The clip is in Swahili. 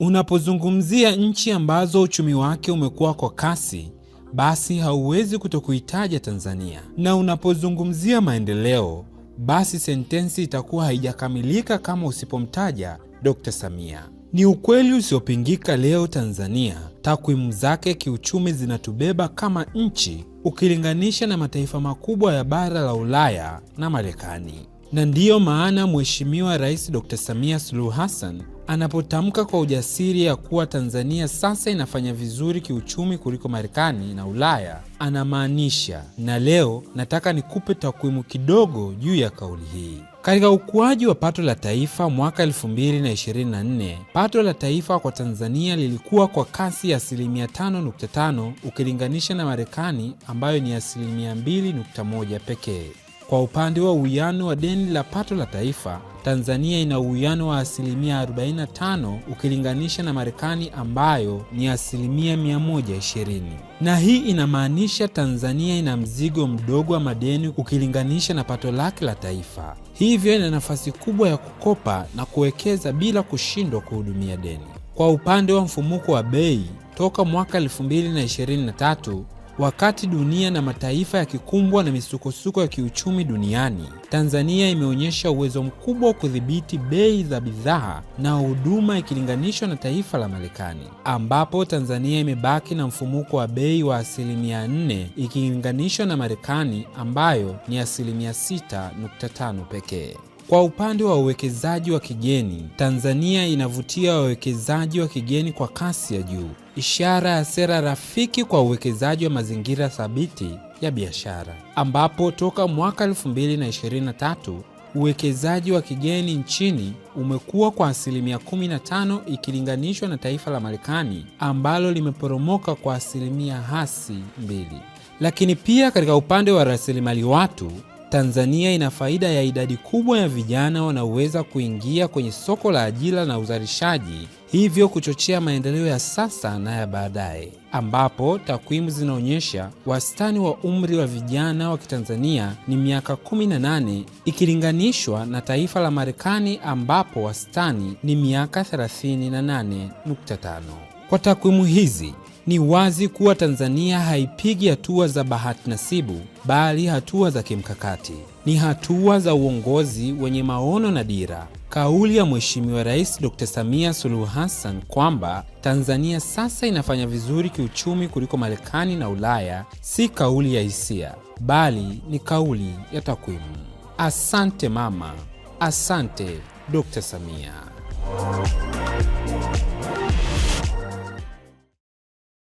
Unapozungumzia nchi ambazo uchumi wake umekuwa kwa kasi, basi hauwezi kutokuitaja Tanzania, na unapozungumzia maendeleo, basi sentensi itakuwa haijakamilika kama usipomtaja Dr. Samia. Ni ukweli usiopingika leo Tanzania takwimu zake kiuchumi zinatubeba kama nchi ukilinganisha na mataifa makubwa ya bara la Ulaya na Marekani, na ndiyo maana Mheshimiwa Rais Dr. Samia Suluhu Hassan anapotamka kwa ujasiri ya kuwa Tanzania sasa inafanya vizuri kiuchumi kuliko Marekani na Ulaya, anamaanisha. Na leo nataka nikupe takwimu kidogo juu ya kauli hii. Katika ukuaji wa pato la taifa mwaka 2024, pato la taifa kwa Tanzania lilikuwa kwa kasi ya asilimia 5.5 ukilinganisha na Marekani ambayo ni asilimia 2.1 pekee. Kwa upande wa uwiano wa deni la pato la taifa, Tanzania ina uwiano wa asilimia 45 ukilinganisha na Marekani ambayo ni asilimia 120, na hii inamaanisha Tanzania ina mzigo mdogo wa madeni ukilinganisha na pato lake la taifa, hivyo ina nafasi kubwa ya kukopa na kuwekeza bila kushindwa kuhudumia deni. Kwa upande wa mfumuko wa bei, toka mwaka 2023 Wakati dunia na mataifa yakikumbwa na misukosuko ya kiuchumi duniani, Tanzania imeonyesha uwezo mkubwa wa kudhibiti bei za bidhaa na huduma ikilinganishwa na taifa la Marekani, ambapo Tanzania imebaki na mfumuko wa bei wa asilimia 4 ikilinganishwa na Marekani ambayo ni asilimia 6.5 pekee. Kwa upande wa uwekezaji wa kigeni, Tanzania inavutia wawekezaji wa kigeni kwa kasi ya juu ishara ya sera rafiki kwa uwekezaji wa mazingira thabiti ya biashara, ambapo toka mwaka 2023 uwekezaji wa kigeni nchini umekuwa kwa asilimia 15 ikilinganishwa na taifa la Marekani ambalo limeporomoka kwa asilimia hasi mbili. Lakini pia katika upande wa rasilimali watu Tanzania ina faida ya idadi kubwa ya vijana wanaoweza kuingia kwenye soko la ajira na uzalishaji, hivyo kuchochea maendeleo ya sasa na ya baadaye, ambapo takwimu zinaonyesha wastani wa umri wa vijana wa Kitanzania ni miaka 18 ikilinganishwa na taifa la Marekani ambapo wastani ni miaka 38.5. Kwa takwimu hizi ni wazi kuwa Tanzania haipigi hatua za bahati nasibu, bali hatua za kimkakati. Ni hatua za uongozi wenye maono na dira. Kauli ya Mheshimiwa Rais Dr. Samia Suluhu Hassan kwamba Tanzania sasa inafanya vizuri kiuchumi kuliko Marekani na Ulaya si kauli ya hisia, bali ni kauli ya takwimu. Asante mama, asante Dr. Samia.